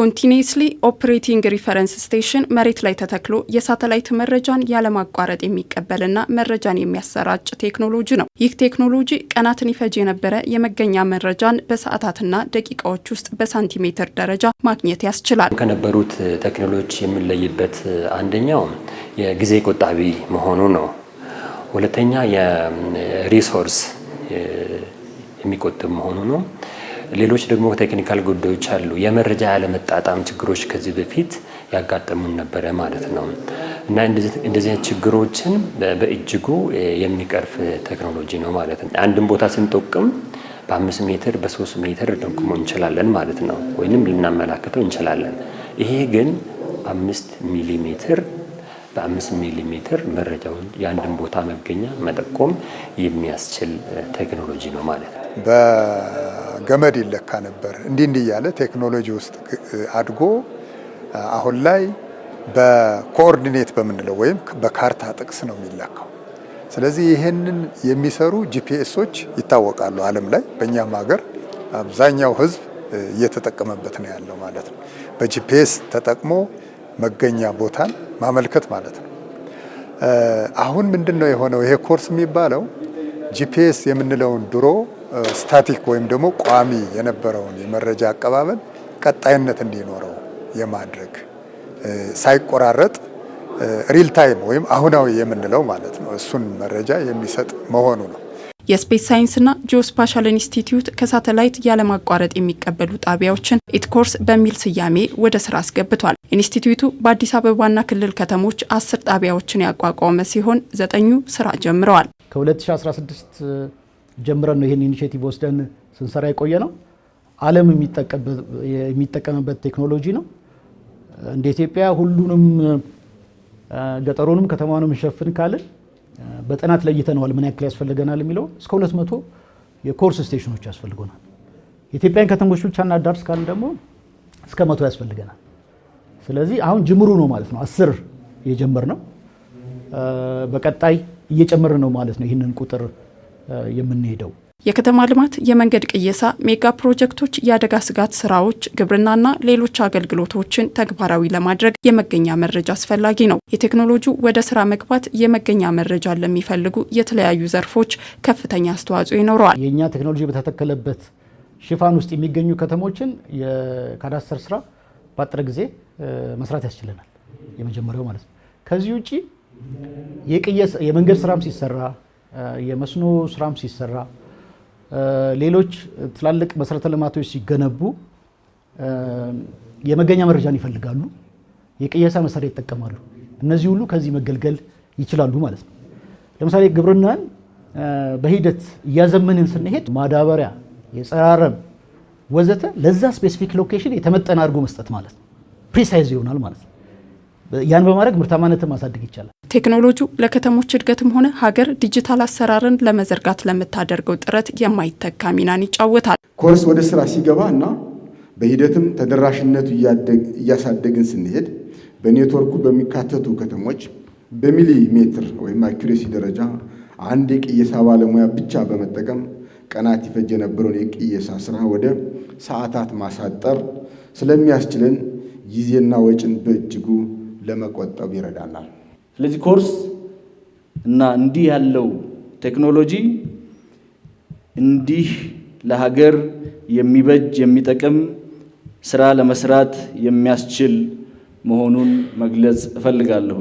ኮንቲኒስሊ ኦፕሬቲንግ ሪፈረንስ ስቴሽን መሬት ላይ ተተክሎ የሳተላይት መረጃን ያለማቋረጥ የሚቀበልና መረጃን የሚያሰራጭ ቴክኖሎጂ ነው። ይህ ቴክኖሎጂ ቀናትን ይፈጅ የነበረ የመገኛ መረጃን በሰዓታትና ደቂቃዎች ውስጥ በሳንቲሜትር ደረጃ ማግኘት ያስችላል። ከነበሩት ቴክኖሎጂ የምንለይበት አንደኛው የጊዜ ቆጣቢ መሆኑ ነው። ሁለተኛ የሪሶርስ የሚቆጥብ መሆኑ ነው። ሌሎች ደግሞ ቴክኒካል ጉዳዮች አሉ። የመረጃ ያለመጣጣም ችግሮች ከዚህ በፊት ያጋጠሙን ነበረ ማለት ነው እና እንደዚህ ችግሮችን በእጅጉ የሚቀርፍ ቴክኖሎጂ ነው ማለት ነው። አንድን ቦታ ስንጠቅም በአምስት ሜትር በሶስት ሜትር ልንቆመው እንችላለን ማለት ነው፣ ወይንም ልናመላክተው እንችላለን። ይሄ ግን አምስት ሚሊ ሜትር በአምስት ሚሊ ሜትር መረጃውን የአንድን ቦታ መገኛ መጠቆም የሚያስችል ቴክኖሎጂ ነው ማለት ነው። ገመድ ይለካ ነበር። እንዲህ እንዲህ እያለ ቴክኖሎጂ ውስጥ አድጎ አሁን ላይ በኮኦርዲኔት በምንለው ወይም በካርታ ጥቅስ ነው የሚለካው። ስለዚህ ይህንን የሚሰሩ ጂፒኤሶች ይታወቃሉ ዓለም ላይ። በእኛም ሀገር አብዛኛው ሕዝብ እየተጠቀመበት ነው ያለው ማለት ነው። በጂፒኤስ ተጠቅሞ መገኛ ቦታን ማመልከት ማለት ነው። አሁን ምንድን ነው የሆነው? ይሄ ኮርስ የሚባለው ጂፒኤስ የምንለውን ድሮ ስታቲክ ወይም ደግሞ ቋሚ የነበረውን የመረጃ አቀባበል ቀጣይነት እንዲኖረው የማድረግ ሳይቆራረጥ ሪል ታይም ወይም አሁናዊ የምንለው ማለት ነው እሱን መረጃ የሚሰጥ መሆኑ ነው። የስፔስ ሳይንስና ጂኦስፓሻል ኢንስቲትዩት ከሳተላይት ያለማቋረጥ የሚቀበሉ ጣቢያዎችን ኢትኮርስ በሚል ስያሜ ወደ ስራ አስገብቷል። ኢንስቲትዩቱ በአዲስ አበባና ክልል ከተሞች አስር ጣቢያዎችን ያቋቋመ ሲሆን ዘጠኙ ስራ ጀምረዋል። ከ2016 ጀምረን ነው ይህን ኢኒሼቲቭ ወስደን ስንሰራ የቆየ ነው። ዓለም የሚጠቀምበት ቴክኖሎጂ ነው። እንደ ኢትዮጵያ ሁሉንም ገጠሩንም ከተማውንም እንሸፍን ካልን በጥናት ለይተነዋል። ምን ያክል ያስፈልገናል የሚለው እስከ ሁለት መቶ የኮርስ ስቴሽኖች ያስፈልጎናል። የኢትዮጵያን ከተሞች ብቻ እናዳርስ ካልን ደግሞ እስከ መቶ ያስፈልገናል። ስለዚህ አሁን ጅምሩ ነው ማለት ነው። አስር የጀመር ነው። በቀጣይ እየጨመር ነው ማለት ነው ይህንን ቁጥር የምንሄደው። የከተማ ልማት፣ የመንገድ ቅየሳ፣ ሜጋ ፕሮጀክቶች፣ የአደጋ ስጋት ስራዎች፣ ግብርናና ሌሎች አገልግሎቶችን ተግባራዊ ለማድረግ የመገኛ መረጃ አስፈላጊ ነው። የቴክኖሎጂ ወደ ስራ መግባት የመገኛ መረጃ ለሚፈልጉ የተለያዩ ዘርፎች ከፍተኛ አስተዋጽኦ ይኖረዋል። የእኛ ቴክኖሎጂ በተተከለበት ሽፋን ውስጥ የሚገኙ ከተሞችን የካዳስተር ስራ በአጥረ ጊዜ መስራት ያስችለናል። የመጀመሪያው ማለት ነው። ከዚህ ውጭ የመንገድ ስራም ሲሰራ የመስኖ ስራም ሲሰራ ሌሎች ትላልቅ መሰረተ ልማቶች ሲገነቡ የመገኛ መረጃን ይፈልጋሉ። የቅየሳ መሳሪያ ይጠቀማሉ። እነዚህ ሁሉ ከዚህ መገልገል ይችላሉ ማለት ነው። ለምሳሌ ግብርናን በሂደት እያዘመንን ስንሄድ ማዳበሪያ፣ የጸረ አረም ወዘተ ለዛ ስፔሲፊክ ሎኬሽን የተመጠነ አድርጎ መስጠት ማለት ነው። ፕሪሳይዝ ይሆናል ማለት ነው። ያን በማድረግ ምርታማነትን ማሳደግ ይቻላል። ቴክኖሎጂው ለከተሞች እድገትም ሆነ ሀገር ዲጂታል አሰራርን ለመዘርጋት ለምታደርገው ጥረት የማይተካ ሚናን ይጫወታል። ኮርስ ወደ ስራ ሲገባ እና በሂደትም ተደራሽነቱ እያሳደግን ስንሄድ በኔትወርኩ በሚካተቱ ከተሞች በሚሊ ሜትር ወይም አኪሬሲ ደረጃ አንድ የቅየሳ ባለሙያ ብቻ በመጠቀም ቀናት ይፈጅ የነበረውን የቅየሳ ስራ ወደ ሰዓታት ማሳጠር ስለሚያስችለን ጊዜና ወጪን በእጅጉ ለመቆጠብ ይረዳናል። ስለዚህ ኮርስ እና እንዲህ ያለው ቴክኖሎጂ እንዲህ ለሀገር የሚበጅ የሚጠቅም ስራ ለመስራት የሚያስችል መሆኑን መግለጽ እፈልጋለሁ።